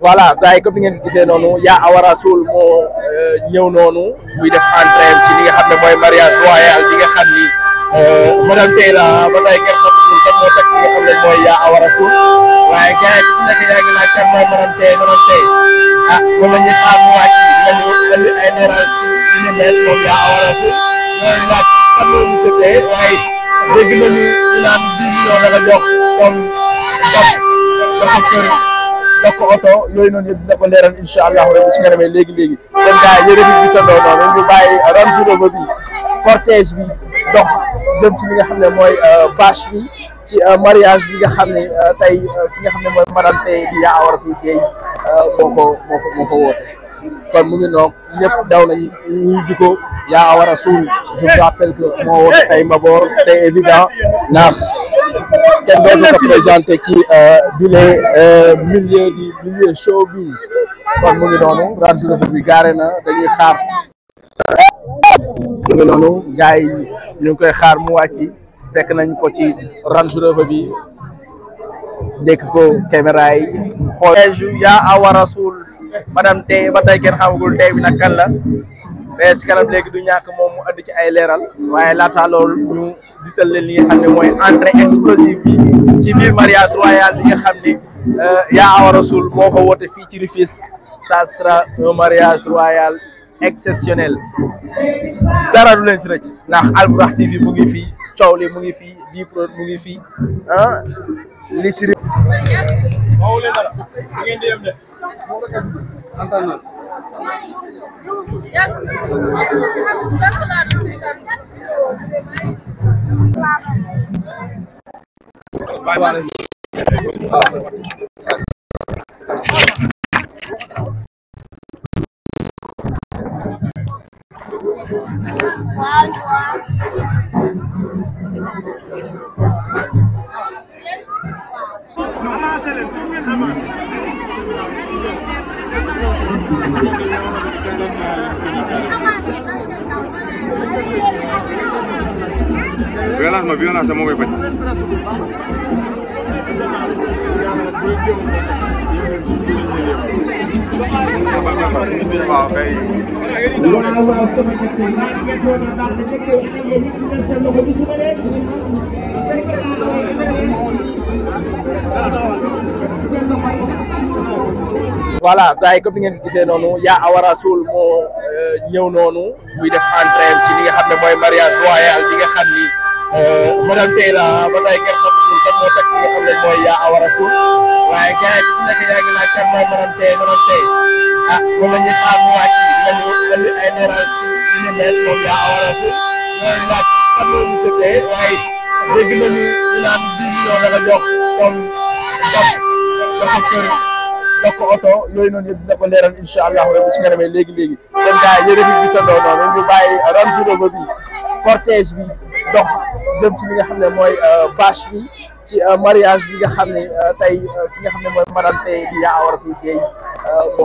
voilà baik. yi comme ni ya gisee rasul yaa ñëw noonu muy def entrain ci li nga xam ne mooy mariage royal bi nga xam ni madame euh, tey kenn xamul kan moo teg li nga xam yaa Awa waaye gars ci nekk yaa ngi laaj kan mooy Tey madame Tey ah wala ñu xaar mu wàcc nañu nañu ay leeral ci li ñu mel moom yaa Awa Rassoul ñooñu laaj kan moo ñu tëddee waaye dégg nañu naan la ko jox comme comme yokk oto yooyu noonu yëpp dina ko leeral incha allah rabi ci kanamee léegi léegi kon gars yi yéen a ngi gisandoo noonu ñu bàyyi bi cortège bi dox jëm ci li nga xam ne mooy euh, bâche bi ci euh, mariage bi nga xam ne euh, nga xam ne mooy madame tey di yaa awar suy tey moo ko woote kon mu ngi noog ñëpp daw na ñu ko yaa awar a suul je vous rappelle que tey Mabor c'est kenn doon ko présenté ci bile euh, euh, milieu di milieu showbiz kon mu ngi noonu Range Rover bi gaare na dañuy xaar mu ngi yi ñu koy xaar mu wàcc fekk nañ ko ci Range Rover bi dégg ko caméra yi xool yaa awa rasul madame tey ba tey kenn xamagul tey bi nag kan la mais si kanam léegi du ñak moom mu andi ci ay leeral waaye laata loolu ñu dital leen li nga entrée explosive bi ci biir mariage royal bi nga xam ne euh, yaa Awa Rassoul moo woote fii ci Rufisque ça sera un mariage royal exceptionnel dara du leen ci rëcc ndax Alburaax TV mu ngi fii coow li mu ngi fii bii pro mu ngi fii ah, Namaz elin, bugün namaz. Ve las Malvinas, se mueve. Thank you. voilà gars yi comme ngeen gisee noonu yaa Awa Rassoul moo euh, ñëw noonu muy def entrée ci li mooy mariage royal bi nga euh, waaye gars yi ci nekk yaa ngi laaj kan mooy madame Tey madame ay leeral ci li ñu mel moom yaa Awa lakk oto yooyu noonu yëpp dina ko leeral incha allah rabi ci kanamee léegi léegi kon gars yi yéen a ngi gisandoo noonu ñu bi cortège bi dox jëm ci li nga xam ne mooy euh, bâche bi ci euh, mariage bi nga xam ne euh, tey ki nga xam ne mooy madame tey di yaa awar suuf tey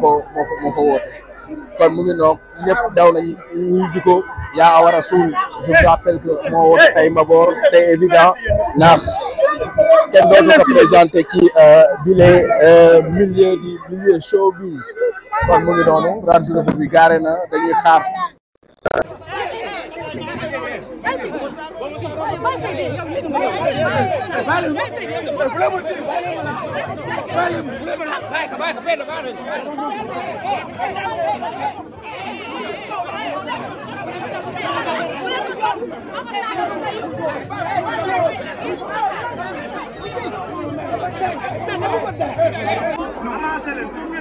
moo moo ko woote kon mu ngi noog ñëpp daw na ñu jiko yaa awar a suul je vous rappelle que moo woote tey Mabor c'est évident ndax kenn dootu ko présenté ci bile milieu di milieu showbiz kon ele ngi noonu Range Rover bi gaare na dañuy xaar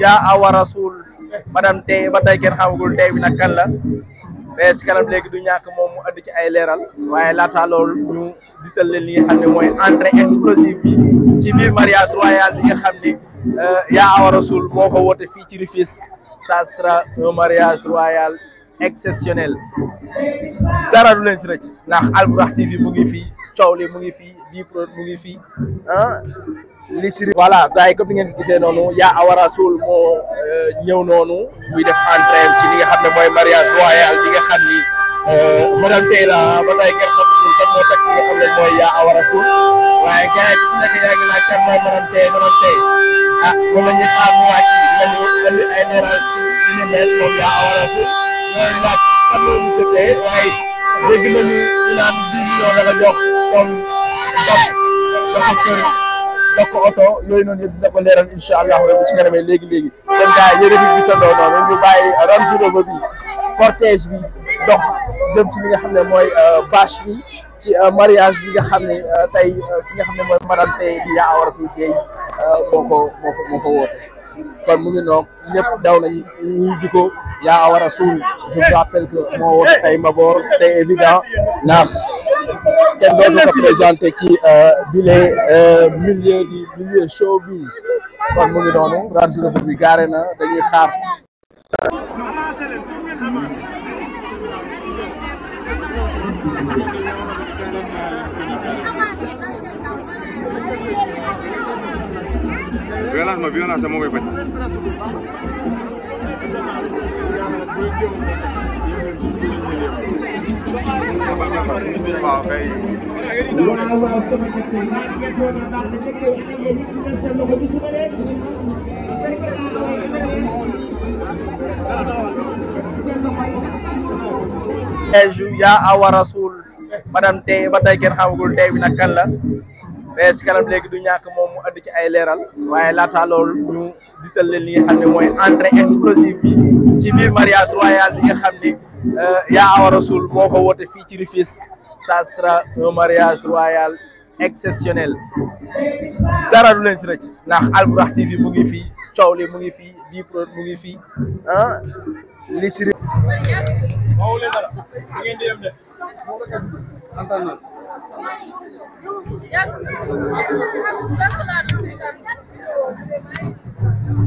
ya awa rasul madame tey ba tey kenn xamagul tey bi nag la mais si kanam du ñàkk moom mu addu ci ay leeral waaye laata loolu ñu dital leen li nga xam explosive bi ci biir mariage royal bi nga xam ne euh, yaa awa rasul moo ko woote fii ci Rufisque ça sera un mariage royal exceptionnel dara du leen ci rëcc ndax Alburaax TV mu ngi fii coow li mu ngi fii li si voilà gars yi comme ni ngeen gisee noonu yaa awara suul moo euh, ñëw noonu muy def entrée ci li nga xam ne mooy mariage royal bi nga xam ni euh, madame Teyla ba tey kenn xamul kan moo teg li nga xam ne mooy yaa awara suul waaye gars yi ku ci nekk yaa ngi laaj kan mooy madame Tey madame Tey ah moom la ñuy xaar mu wàcc nañu indi ay leeral si li ñu mel moom yaa awara suul ñooy laaj kan moo ñu tey waaye dégg nañu ñu naan 10 millions la jox comme comme docteur. yokk oto yooyu noonu yëpp dina ko leeral incha allahu rabi ci kanamee léegi léegi kon gars yi yéen a ngi gisandoo noonu ñu bàyyi Range Rover bi cortège bi dox jëm ci li nga xam ne mooy euh, bâche bi ci euh, mariage bi nga xam ne euh, tey ki nga xam ne mooy madame tey di yaa awar suy tey moo ko woote kon mu ngi noog ñëpp daw nañ ñuy jiko yaa war a suul je vous rappelle que moo woon tey Mabor évident ndax kenn doon ko présenté ci euh, bile euh, milieu di milieu showbiz kon mu ngi noonu Range Rover bi gaare na dañuy xaar Wiona, no Wiona se mówi pyta. waaw kay. waaw waaw sama kese maa ngi leen doon baax na fekk yow am na yéen ñu seen loxo bi su ma leen. yaa awa rasul madame tey ba tey kenn xamagul tey bi nag kan la. mais si kanam du ñàkk moom mu andi ci ay leeral waaye laata loolu ñu dital leen li entrée explosive bi mariage royal bi nga xam ne euh, yaa Awa Rassoul moo ko woote fii ci Rufisque ça sera un mariage royal exceptionnel dara du leen ci rëcc ndax Alburaax TV mu ngi fii coow li mu ngi fii Bprod mu ngi fii ah, Yeah, yeah, yeah.